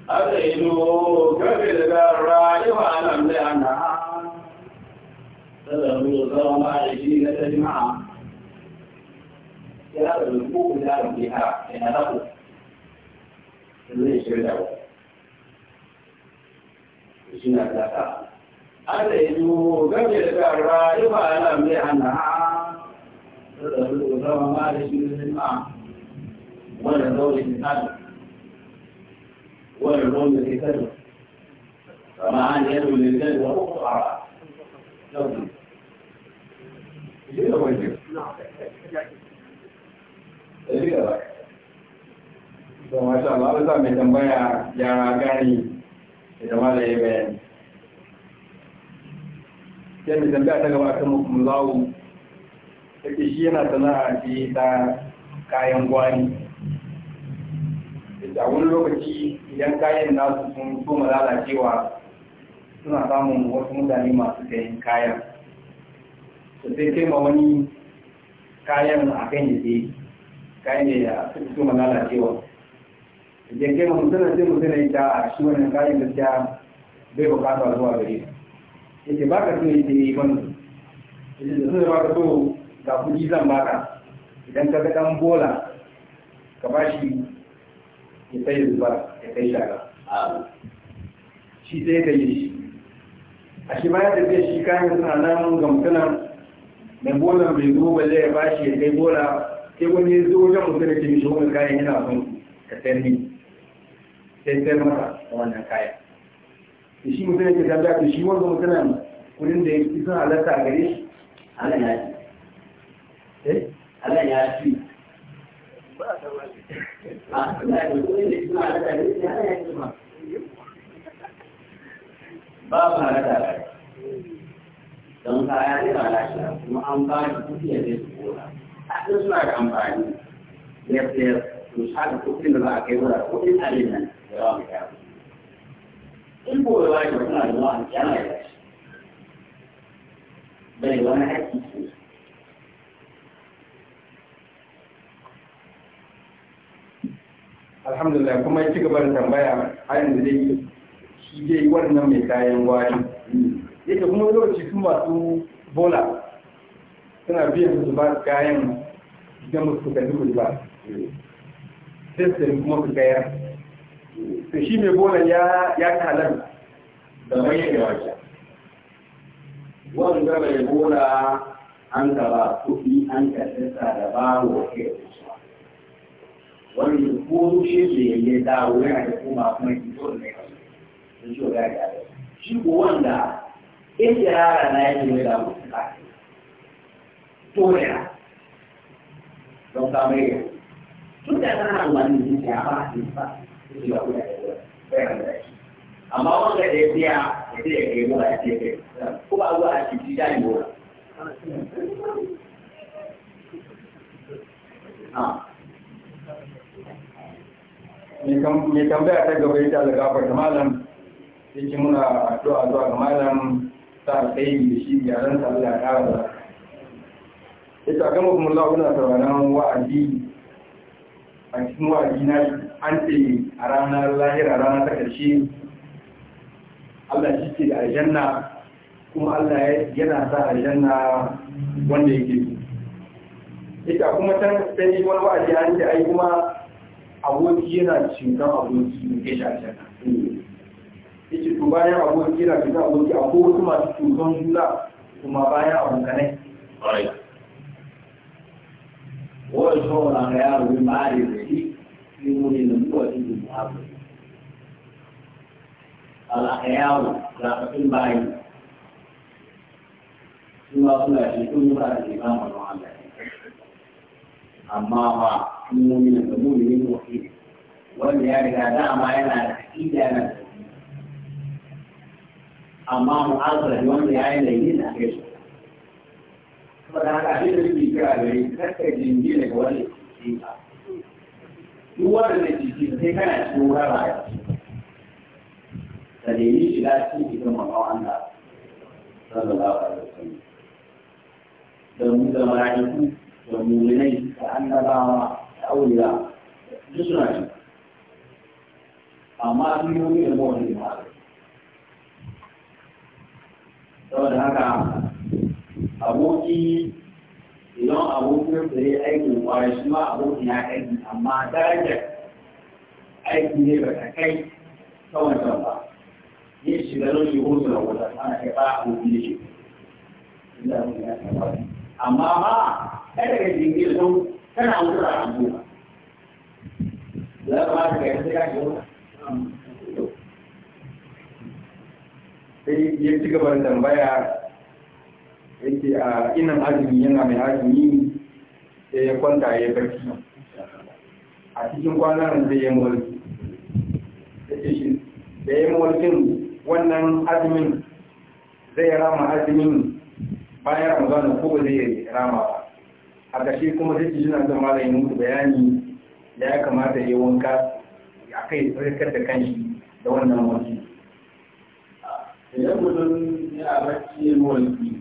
aka yi do kafe daga rayuwa nan da ana tsararru zama da shi na ta tajma'a ya da ko ku da ke ha ina na ku sannan shi da wani shi na kasa ada itu kan jadi kerja itu alam dia anak terlalu utama mari sini mah wala dole ni tadi wala dole ni tadi sama an yadu ni tadi wa ukhra jadi apa itu? Jadi apa? to masha Allah Allah mai tambaya ya gani da mala ya bayani sai mai tambaya ta gaba kan mukumlawu take shi yana sana'a ce ta kayan gwani da wani lokaci idan kayan nasu sun so lalacewa suna samun wasu mutane masu sayan kayan da sai kai ma wani kayan a kan yake kayan da ya fi so lalacewa idan kai mutum sai mutum yi ta shi wannan kayan gaskiya bai bukata zuwa gare shi yake baka so yake yi ban yake da sun baka so ga kuɗi zan baka idan ka ga dan bola ka ba shi ya kai zuba ya kai shara shi sai ka yi shi a shi baya da zai shi kayan suna nan ga mutunan mai bola bai zo ba zai ba shi ya kai bola sai wani ya zo wajen mutum da ke mishi wani kayan yana son ka sayar ni sai sai wannan kaya da shi mutum yake shi wanda mutum kudin da yake sun a gare shi ya ci eh ya ci a da sun halarta a gare ya ba don kaya ne ba lafiya kuma an ba shi kuɗi zai su a suna da amfani left left misalin kuɗin da za a kai wura kuɗin alin nan da yawa mai kayan in gobe ba ya mutum da zuwa a yana da shi bai wani haƙƙi ce alhamdulillah kuma ya ci gaba da tambaya a yanzu dai shi dai wannan mai kayan gwari yake kuma lokaci sun masu bola suna biyan su ba kayan idan musu kalli ba sirrin kuma su gayar to shi mai bolan ya ya kalar da mai da wajen wanda mai bola an gaba kuɗi an kasisa da ba wa ke wani ko shi da ya dawo yana da kuma kuma yi zo ne da shi ga ya shi ko wanda in yara na yake da mutunta to ne don ka mai tun da ana amfani da zuciya ba a cikin ba zuciya ko da kai amma wanda da ya tsaya ya tsaya ya kai mura ya tsaya kai zuwa a da ah. tambaya ta gaba ita da gafar malam yake muna addu'a zuwa ga ta alƙairi da shi yaran ta Allah ya ita gama kuma Allah kuna sauraron wa'azi a cikin wa'adi na an ce a ranar lahira ranar ta ƙarshe Allah shi ce da aljanna kuma Allah yana sa aljanna wanda yake ita kuma ta sai wani wa'adi an ce ai kuma aboki yana cutar aboki da ke shi aljanna yake to bayan aboki yana cutar aboki akwai wasu masu cutar juna kuma bayan abokanai wọ́n sọ ọ̀rọ̀ àwọn ẹ̀yà òwe máa rè rè sí inú nínú púpọ̀ sí ìlú ààbò. Àlàkẹ́yà ò làkà tó ń bá yìí. Tí wọ́n fún ẹ̀sìn tó ń bá ti bá wọn lọ́wọ́ àlẹ́. Amma ba inú nínú pẹ̀lú nínú òfin. Wanda ya riga dama yana da aƙida yana da Amma mu'azzar wanda ya yi da yi na kai saboda haka abin da suke kira gare kakka jingina ga wani ke cikin ka duk wanda ke cikin sai kana cikin wurin rayuwa da nemi shiga cikin cikin makawa Allah sallallahu alaihi wasallam da mu da mala'iku da mu'minai da annabawa da auliya duk suna cikin amma sun yi wani da mawani da ma'aikata saboda haka aboki idan abokin da ya aikin kwarai shi ma abokin ya aiki amma darajar aiki ne ba ta kai ta wancan ba yin shiga nan shi hoto da wata ana kai ba abokin ne shi inda abokin ya kai kwarai amma ba kada ka jingir don kana wuta a abuwa za ka ba ka kai sai ka shi wuta sai ya ci gaba da tambaya yake a inan azumi yana mai azumi sai ya kwanta ya barci a cikin kwanan zai yi mulki da ya mulkin wannan azumin zai rama azumin bayan ramadan ko zai rama ba a gashi kuma zai jina da malayin mutu bayani da ya kamata ya wanka a kai tsarkar da kanshi da wannan mulki idan mutum ya barci mulki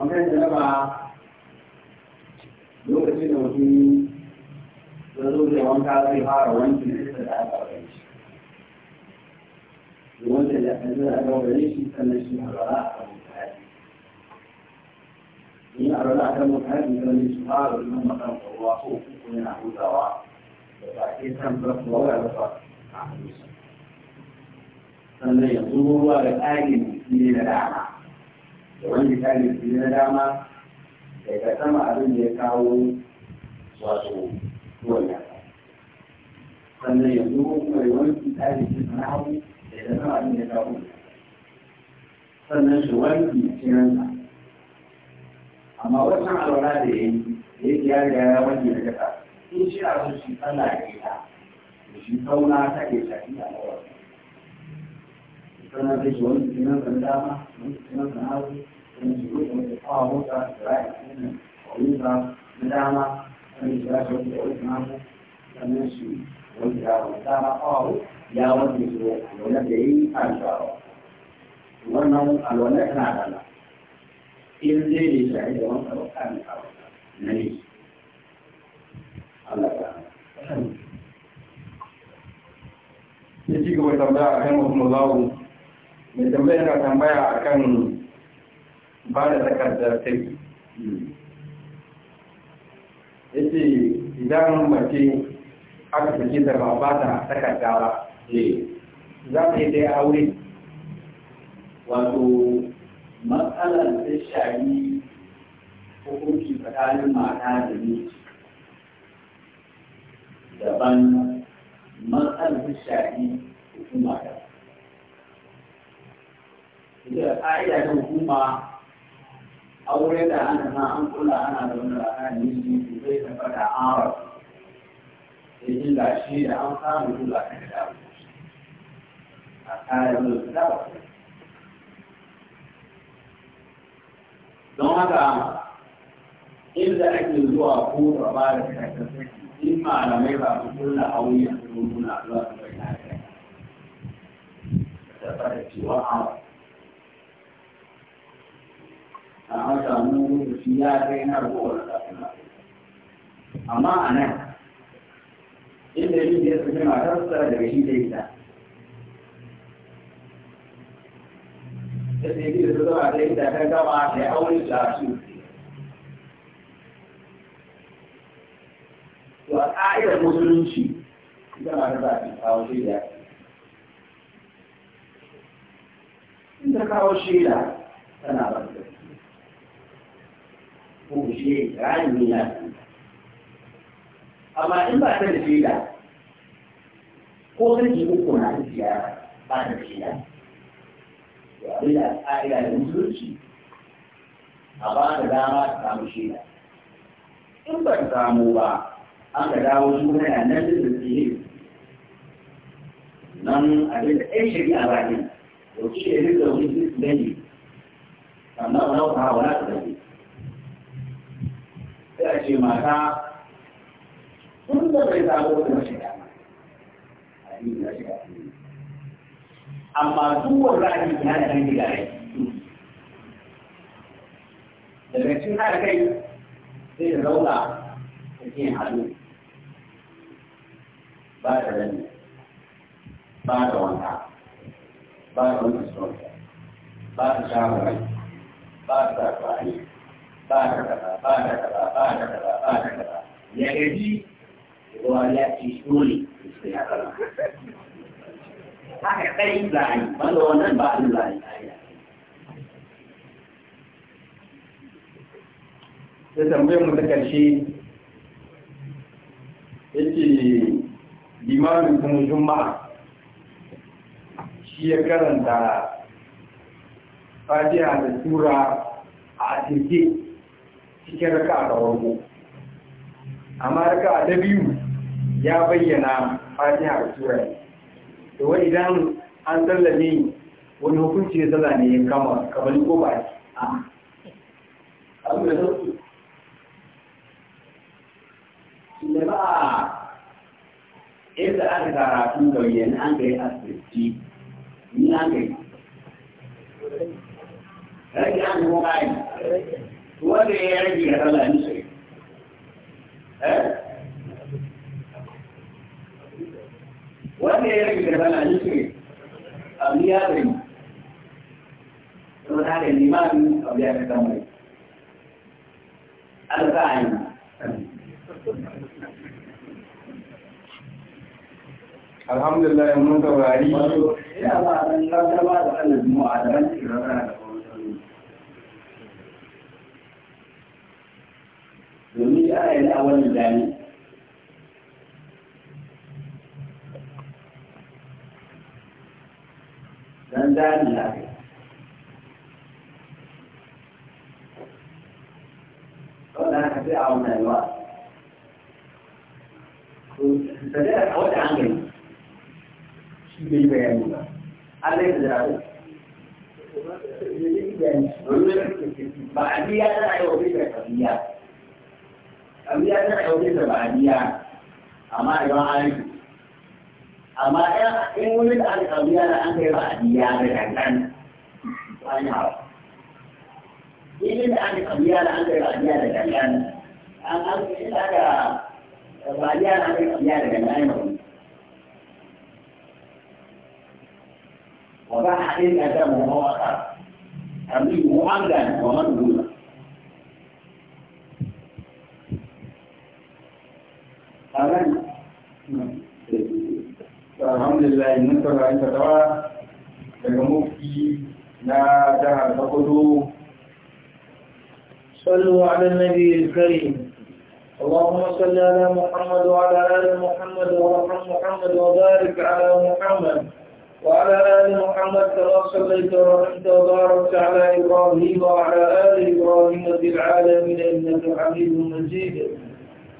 amma yanzu raba lokacin da mutum ya zo da wanka zai fara wanki na isa da aka gare shi wanda da aka zai aka gare shi sannan shi harara a kan mutane in harara a kan mutane sannan shi fara wannan makan kowa ko kuku yana hutawa da ba ke san rafuwa wa rafa a hannunsa sannan ya zuwa da ƙarin jiki ne da dama da wani misali biyu na dama daga sama abin da ya kawo wato ruwan yasa sannan yanzu kuma da wani misali na hagu daga sama abin da ya kawo sannan shi wani cinansa amma wancan alwala da ya yi da ya ya riga ya wani daga sa in shi a zuci shi tsalla ke ta da shi kauna ta ke shafi a kawai sannan zai shi wani jinan kan dama wani jinan kan hagu wani jinan kan wani kawo mota da ra'ayi a cikin ƙauyuka na dama wani jira shi wani ƙauyuka na hagu sannan shi wani jira wani dama kawo ya wani shi wani da ya yi a shawo wannan alwala tana da na in zai ne shi da wani kawo kan kawo na ne Allah ya ya ci gaba tambaya a kan mahimmanzawo mai tambaya yana tambaya a kan ba da takardar sai ya ce idan mace aka sake da ba ba ta takarda ba eh, za ta yi dai aure wato matsalar ta shari hukunci tsakanin mata da miji daban matsalar ta shari hukuma daban da ƙa'ida ta hukuma a wurin da ana na an kula ana da wani rana ne ne zai tabbata an rasu da yin shi da an samu kula ta da a kayan da don haka inda ake zuwa ko raba da kakasaki in malamai ba su kulla a wuyan su nuna zuwa su bai na kai da fara cewa an rabu an samu lokaci ya kai na ragowar kafin amma a nan inda shi ya saki matarsa daga shi da ita ta sai da su zama da ita ta gaba ta yi aure da su to a ƙa'idar musulunci ita ma ta za ta kawo shaida in ta kawo shaida tana ba ko shi rami na amma in ba ta da shaida ko sarki uku na da ya ba ta da shaida Ya bi da al'ada da musulunci a ba ta dama ta samu shaida in ba ta samu ba an ka dawo su na nan da zai nan abin da ɗan shari'a ba ne ko shi ne da wani zai ne sannan wani hawa na ta zai a ce mata tun da bai zaɓo wata mace dama addini na shiga amma duk wanda ake kina da kan gida rai daga cikin haɗa kai sai da zauna da ke hannu ba da rani ba da wanka ba da wanka ba da shawarar ba da tsarfani ba da ba ba ba ya gaji ruwa ya ci dole ya haka kai za wanda wannan ba a za sai tambayar mu ta karshe yake limamin kuma juma'a shi ya karanta fatiha da tura a asirke cikin raka a farko amma raka a ta biyu ya bayyana fatiha a sura ne to idan an sallame wani hukunci ya sallah ne kama kamar ko ba a abu da sauki da ba yadda aka karatu da yin an kai asibiti ni an kai rage an kuma ayi. wanda ya rage ya Allah ni sai eh wanda ya rage ya Allah ni sai abin ya rage saboda haka limamin abu ya rage mai alƙa'ani alhamdulillah mun gabari ina ba ran ba da Allah mu a da ran domin ya ana yana a wannan dani dan dani na kai wannan ka sai a wannan yawa sadar a wata an gani shi bai bayani ba Allah ya sadar ba a biya tana yi wa bai da kabiya wani samaniya amma idan an amma in wani da aka kabiya da an kai ba'adiyya da dangan wani hawa ilin da aka kabiya da an kai ba'adiyya da dangan an an kai da aka ba'adiyya da an kai kabiya da dangan وباع حقيقة دمه هو أخر أمين مؤمن ومن دونه صلوا على النبي الكريم اللهم صل على محمد وعلى آل محمد وارحم محمد وبارك على محمد وعلى آل محمد كما صليت ورحمت وباركت على إبراهيم وعلى آل إبراهيم في العالمين إنك حميد مجيد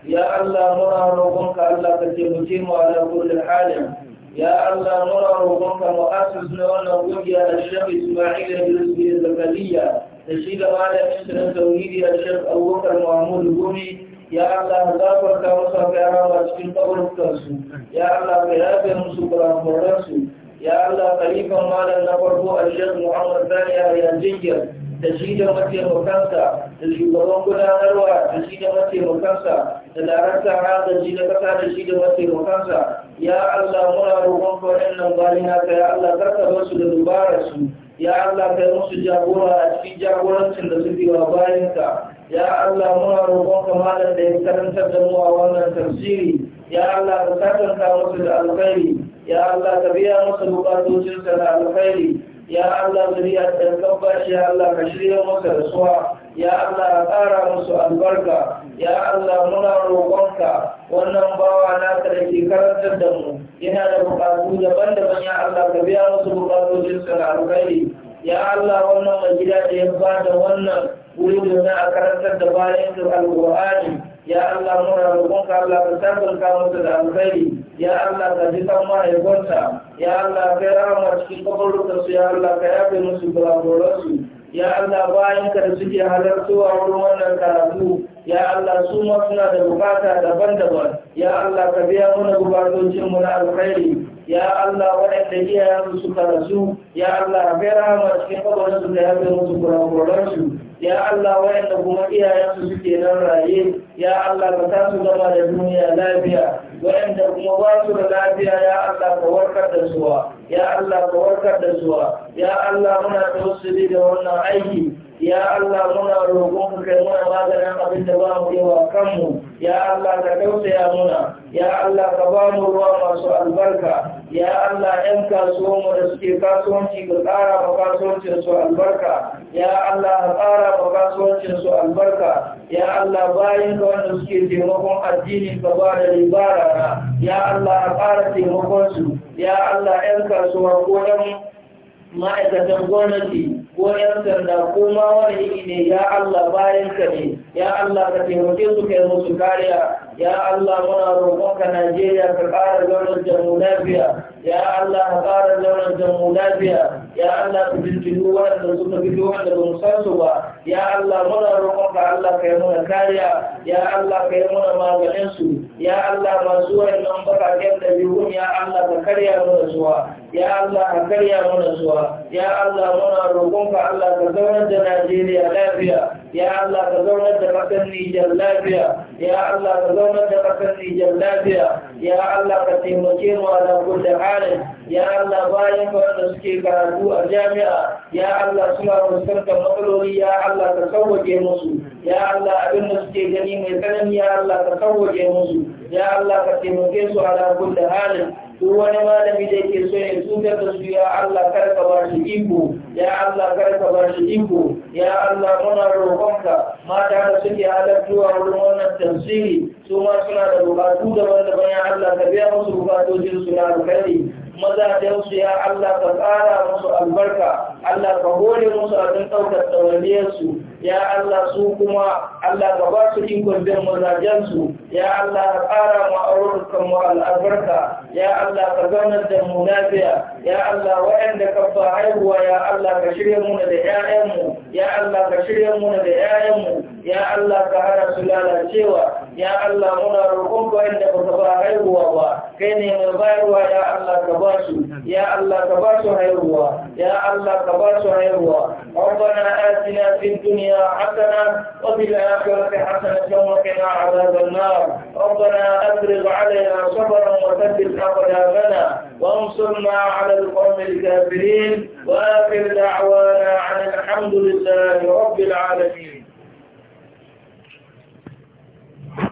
يا الله نرى روحك الله كتبتين وعلى كل wannan يا الله نرى روحك da لنا da الشيخ إسماعيل بن الزكريا تشيد على مصر التوحيد a أبو بكر محمود الرومي ya Allah za ka kawo sa gyarawa cikin kaburukansu ya Allah ka yafe musu kurakuransu ya Allah kalifan malam na farko a shek Muhammad Zaniya a yanjin da shi da mataimakansa da shugaban gudanarwa da shi da mataimakansa da darakta shi da kasa da shi da mataimakansa ya Allah muna roƙon faɗin nan bayan haka ya Allah karkar su da dubara su. ya Allah kai musu jagora a cikin jagorancin da suke wa bayanka ya Allah muna roƙon ka malam da ya karanta da mu a wannan tafsiri ya Allah ka sakanta musu da alkhairi ya Allah ka biya musu bukatocinsa da alkhairi ya Allah zuriya da gaba ya Allah ka shirya maka rasuwa. suwa ya Allah ƙara musu albarka ya Allah muna roƙonka wannan bawa naka da ke karantar da mu yana da buƙatu daban-daban ya Allah ka biya musu buƙatocinsa na alkhairi ya Allah wannan mai gida da ya ba da wannan wuri domin a karantar da bayan da alƙur'ani ya Allah muna roƙonka Allah ka sabunta musu da alkhairi ya Allah ka ji kan mahaifarta ya Allah ka yi rama cikin su, ya Allah ka yafe musu guraguransu ya Allah bayan ka da suke halartowa wurin wannan karatu ya Allah su ma suna da bukata daban-daban ya Allah ka biya mana mu na alkhairi ya Allah waɗanda iyayensu su rasu ya Allah ka yi rama cikin su, ka yafe musu guraguransu ya Allah wayanda kuma iyayensu suke nan raye ya Allah ka tasu gaba da duniya lafiya wayanda kuma ba su da lafiya ya Allah ka warkar da suwa ya Allah ka warkar da zuwa ya Allah muna tawassuli da wannan aiki ya Allah muna roƙon kai muna maganin abin da ba mu yi wa kanmu ya Allah ka tausaya muna ya Allah ka ba mu ruwa masu albarka ya Allah ɗan kasuwanmu da suke kasuwanci ka ƙara ma kasuwancin su albarka ya Allah ka ƙara ma kasuwancin su albarka ya Allah bayan ka wanda suke taimakon addinin ka ba da ribara na ya Allah a ƙara taimakon su ya Allah 'yan kasuwa ko ɗan ma'aikatan gwamnati ko 'yan sanda ko ma wani yi ne ya Allah bayan ka ne ya Allah ka taimake su kai musu kariya ya Allah muna ka Najeriya ka ƙara zaunar da lafiya ya Allah ka ƙara zaunar da ya Allah ka jinjiru waɗanda suka fito wanda ba mu san su ba ya Allah muna ka Allah Kai muna kariya ya Allah Kai muna maganin su ya Allah masu wayannan bakaken da biyu ya Allah ka karya muna zuwa ya Allah ka karya muna zuwa ya Allah muna ka Allah ka zaunar da Najeriya lafiya ya Allah ka zaunar da ƙasar Nijar lafiya ya Allah ka zaunar da ƙasar Nijar lafiya ya Allah ka taimake mu ala kulli halin ya Allah bayan wanda suke karatu a jami'a ya Allah suna musanta matsaloli ya Allah ka sauwaje musu ya Allah abin da suke gani mai tsanani ya Allah ka sauwaje musu ya Allah ka taimake su a ala da halin duk wani malami da yake so ya tuka da su ya Allah kar ka ba shi iko ya Allah kar ka ba shi iko ya Allah muna roƙonka mata da suke halartuwa wurin wannan tafsiri su ma suna da buƙatu daban-daban ya Allah ka biya musu buƙatocin su na alkhairi mazajensu ya Allah ka tsara musu albarka Allah ka hore musu abin ɗaukar tsawaniyarsu ya Allah su kuma Allah ka ba su ikon bin mazajensu ya Allah ka tsara ma'aurukan mu al'abarka. ya Allah ka zaunar da mu lafiya ya Allah wa'anda ka ba haihuwa ya Allah ka shirya muna da 'ya'yanmu ya Allah ka shirya muna da 'ya'yanmu ya Allah ka hana su lalacewa يا الله muna roƙon كائن wanda ba هو ba haihuwa يا kai ne يا bayarwa ya Allah ka يا su ya Allah ka ربنا آتنا في الدنيا حسنة وفي الآخرة حسنة وقنا عذاب النار ربنا أفرغ علينا صبرا وثبت أقدامنا وانصرنا على القوم الكافرين وآخر دعوانا عن الحمد لله رب العالمين